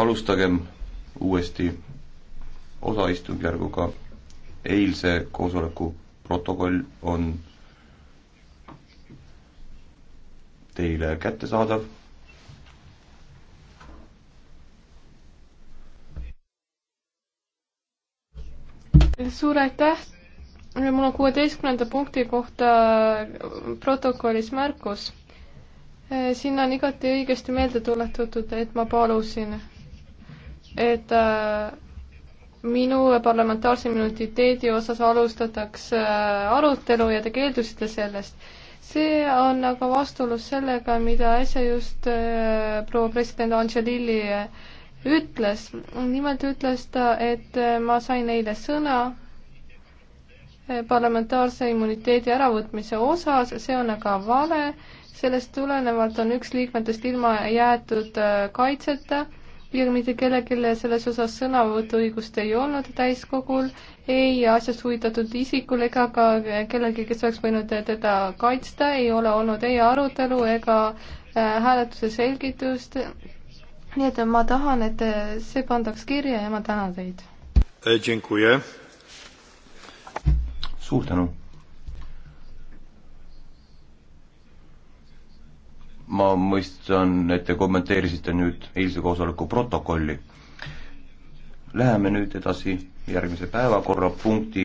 alustagem uuesti osaistungjärguga. eilse koosoleku protokoll on teile kättesaadav. suur aitäh mul on kuueteistkümnenda punkti kohta protokollis märkus. siin on igati õigesti meelde tuletatud, et ma palusin et äh, minu parlamentaarse immuniteedi osas alustatakse äh, arutelu ja te keeldusite sellest. see on aga vastuolus sellega, mida äsja just äh, proua president Angelilli ütles. nimelt ütles ta, et ma sain eile sõna parlamentaarse immuniteedi äravõtmise osas, see on aga vale, sellest tulenevalt on üks liikmetest ilma jäetud kaitseta ja mitte kellelgi selles osas sõnavõtuõigust ei olnud täiskogul, ei asjast huvitatud isikul ega ka kellelgi, kes oleks võinud teda kaitsta, ei ole olnud ei arutelu ega äh, hääletuse selgitust. nii et ma tahan, et see pandaks kirja ja ma tänan teid. Äh, suur tänu ma mõistan, et te kommenteerisite nüüd eilse koosoleku protokolli. Läheme nüüd edasi järgmise päevakorrapunkti